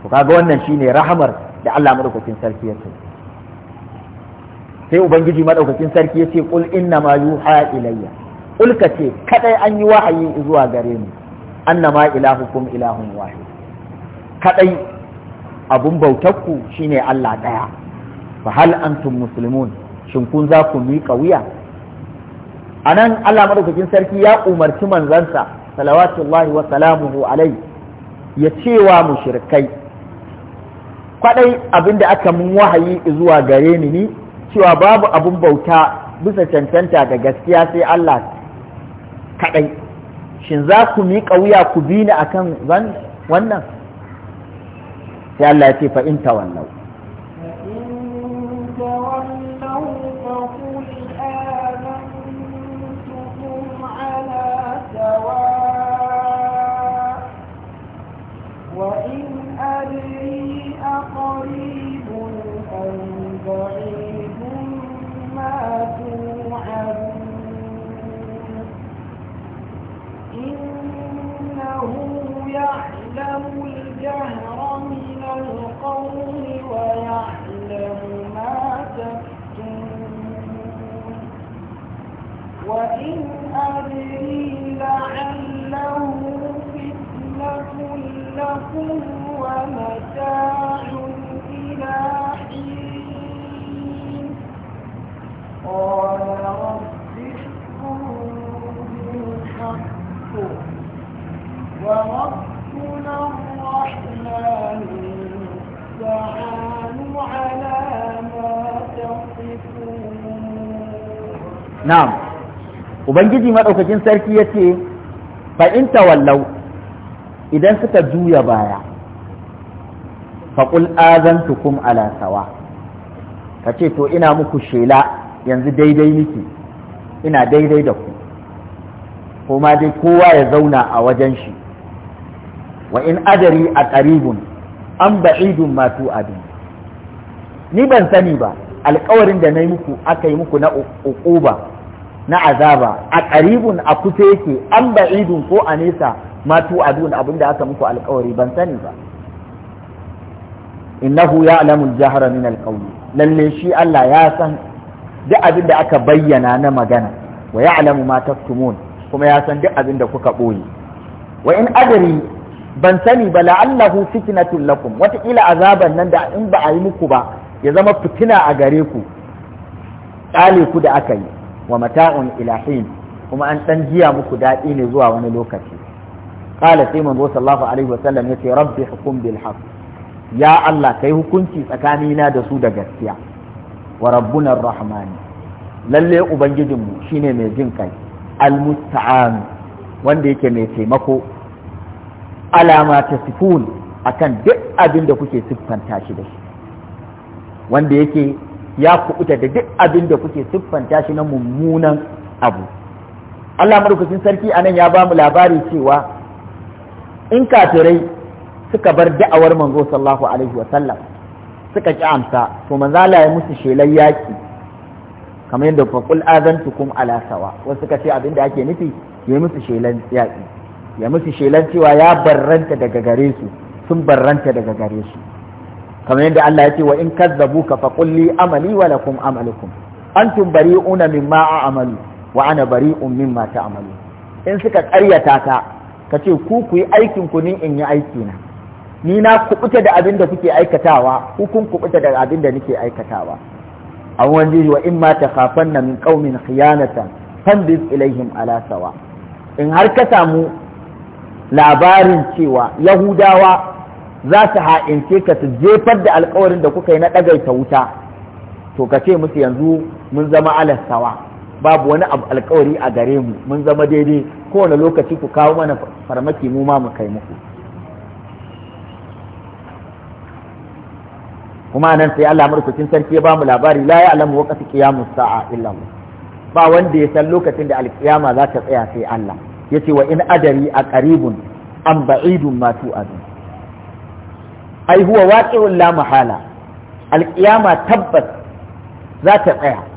to kaga wannan shine rahamar da Allah madaukakin sarki ya sanya sai ubangiji madaukakin sarki ce, qul inna ma yuha ilayya qul ce, kadai an yi wahayi zuwa gare ni annama ilahukum ilahun wahid kadai abun bautarku shine Allah daya fa hal antum muslimun shin kun za ku miƙa wuya anan Allah madaukakin sarki ya umarci manzansa salawatullahi wa salamuhu alai ya cewa mushrikai kwadai abinda aka mun wahayi zuwa gare ni ni cewa babu abin bauta bisa cancanta da gaskiya sai Allah kaɗai shin za ku miƙa wuya ku bi ni akan wannan sai Allah ya ce fa'inta wannan.' إن أدري أقريب أم بعيد ما توعدون إنه يعلم الجهر من القول ويعلم ما تكتمون وإن أدري لعلم لكم ومتاع إلى حين قال رب احكم بالحق وربنا الرحمن المستعان على ما تصفون نعم Ubangiji maɗaukakin sarki ya ce, فإن تولوا idan suka juya baya faƙul azantukum ala sawa ka ce to ina muku shela yanzu daidai niki ina daidai da ku kuma dai kowa ya zauna a wajen shi wa in adari a ƙaribun an ba'idun masu abin ni ban sani ba alkawarin da na muku aka yi muku na uquba na azaba a ƙaribun a kusa yake an ba'idun ko a nesa ma tu adun abinda aka muku alkawari ban sani ba innahu ya'lamu al-jahra min al-qawl lalle shi Allah ya san duk abin da aka bayyana na magana wa ya'lamu ma taktumun kuma ya san duk abin da kuka boye wa in adri ban sani ba la'allahu fitnatun lakum wataƙila azaban nan da in ba a yi muku ba ya zama fitina a gare ku ƙale ku da aka yi wa mata'un ilahin kuma an ɗan jiya muku daɗi ne zuwa wani lokaci qala sai manzo sallallahu alaihi wasallam yace rabbi hukum bil ya Allah kai hukunci tsakanina da su da gaskiya wa rabbunan rahmani lalle ubangijinmu shine mai jin kai almusta'an wanda yake mai taimako alama ta sifun akan duk abin da kuke siffanta shi da shi wanda yake ya kubuta da duk abin kuke siffanta shi na mummunan abu Allah madaukakin sarki anan ya bamu labari cewa in kafirai suka bar da'awar manzo sallallahu alaihi wa sallam suka ki amsa to manzo Allah ya musu shelar yaki kamar yadda fa qul azantukum ala sawa wasu suka ce abinda ake nufi ya musu shelar yaki ya musu shelar cewa ya barranta daga gare su sun barranta daga gare su kamar yadda Allah ya ce wa in kazzabuka fa qul li amali wa lakum amalukum antum bari'una mimma a'malu wa ana bari'un mimma ta'malu in suka ƙaryata ta ka ce ku ku yi aikin ku nin in yi aiki na ni na kubuta da abin da kuke aikatawa ku kun kubuta da abin da nake aikatawa an wani wa in ma takhafan min qaumin khiyanatan fanbiz ilaihim ala sawa in har ka samu labarin cewa yahudawa za su ha'ince ka su jefar da alkawarin da kuka yi na ɗagaita wuta to ka ce musu yanzu mun zama alasawa babu wani abu alkawari a gare mu mun zama daidai kowane lokaci ku kawo mana farmaki mu ma mu kai muku kuma nan sai Allah murkucin sarki ya bamu labari la ya alamu waqti qiyamus sa'a illa Allah ba wanda ya san lokacin da alkiyama za ta tsaya sai Allah yace wa in adari a qaribun am ba'idun ma tu'adu ai huwa waqi'un la mahala alkiyama tabbas za ta tsaya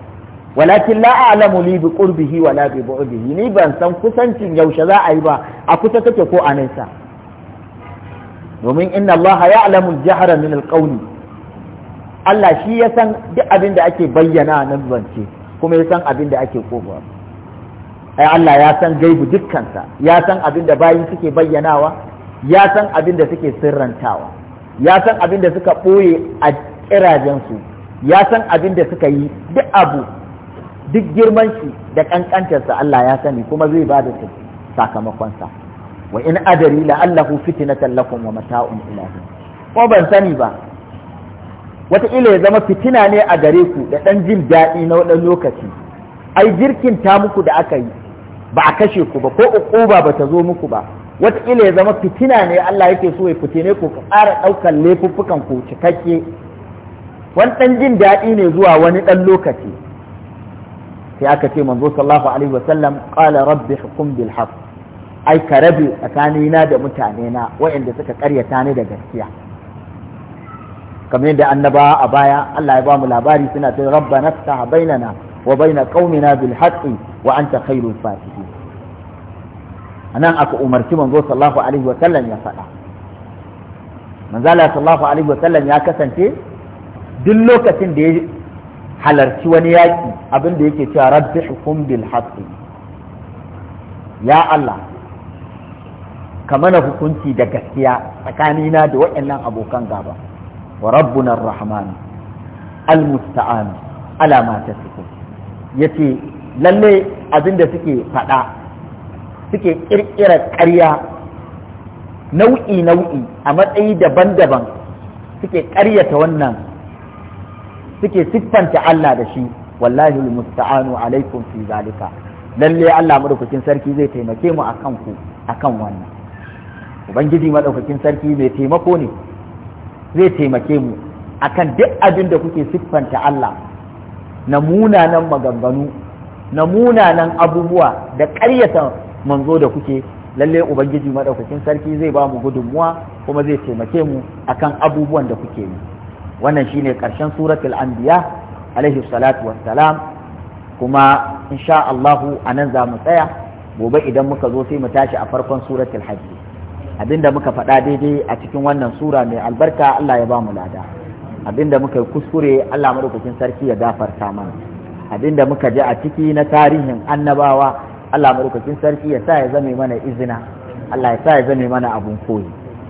walakin la a'lamu li bi qurbihi wala bi bu'dihi ni ban san kusancin yaushe za a yi ba a kusa take ko a sa. domin inna Allah ya'lamu al-jahra min al-qawli Allah shi ya san duk abin da ake bayyana na zance kuma ya san abin da ake kofa ai Allah ya san gaibu dukkansa ya san abin da bayi suke bayyanawa ya san abin da suke sirrantawa ya san abin da suka ɓoye a kirajensu ya san abin da suka yi duk abu duk girman shi da kankantarsa Allah ya sani kuma zai ba da sakamakonsa wa in adari la'allahu fitnatan lakum wa mata'un ilahi ko ban sani ba wataƙila ya zama fitina ne a gare ku da ɗan jin daɗi na waɗan lokaci ai jirkin ta muku da aka yi ba a kashe ku ba ko ukuba ba ta zo muku ba wataƙila ya zama fitina ne Allah yake so ya fitine ku ka ƙara ɗaukar laifuffukan ku cikakke wani ɗan jin daɗi ne zuwa wani ɗan lokaci sai aka ce manzo sallallahu alaihi wasallam qala rabbi hukum bil haqq ai ka rabe tsakanina da mutane na waɗanda suka karyata ni da gaskiya kamar yadda annaba a baya Allah ya ba mu labari suna ta rabbana ftaha bainana wa baina qaumina bil haqqi wa anta khairul fatihin anan aka umarci manzo sallallahu alaihi wa sallam ya faɗa manzo sallallahu alaihi wa sallam ya kasance duk lokacin da ya halarci wani yaƙi abin da yake cewa rabbi hukum bil haqqi ya Allah ka mana hukunci da gaskiya tsakanina da waɗannan abokan gaba wa rabbuna rahman al musta'an ala ma tasifun yace lalle abin da suke faɗa suke kirkira ƙarya nau'i nau'i a matsayi daban-daban suke ƙaryata wannan suke siffanta Allah da shi wallahi musta'anu alaikum fi zalika lalle Allah madaukakin sarki zai taimake mu akan ku akan wannan ubangiji madaukakin sarki mai taimako ne zai taimake mu akan duk abin da kuke siffanta Allah na munanan maganganu na munanan abubuwa da ƙaryata manzo da kuke lalle ubangiji madaukakin sarki zai ba mu gudunmuwa kuma zai taimake mu akan abubuwan da kuke yi wannan shine karshen suratul anbiya alaihi salatu wassalam kuma insha Allahu anan za mu tsaya gobe idan muka zo sai mu tashi a farkon suratul hajji abinda muka faɗa daidai a cikin wannan sura mai albarka Allah ya ba mu lada abinda muka kuskure Allah madaukakin sarki ya gafarta mana abinda muka ji a ciki na tarihin annabawa Allah madaukakin sarki ya sa ya zame mana izina Allah ya sa ya zame mana abun koyi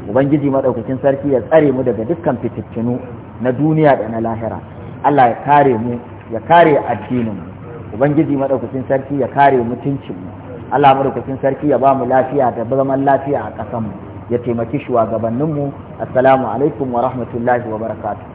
ubangiji madaukakin sarki ya tsare mu daga dukkan fitittunu na duniya da na lahira Allah ya kare mu ya kare addinin mu ubangiji madaukakin sarki ya kare mutuncin mu Allah madaukakin sarki ya ba mu lafiya da zaman lafiya a ƙasan mu ya taimaki shugabannin mu assalamu alaikum wa rahmatullahi wa barakatuh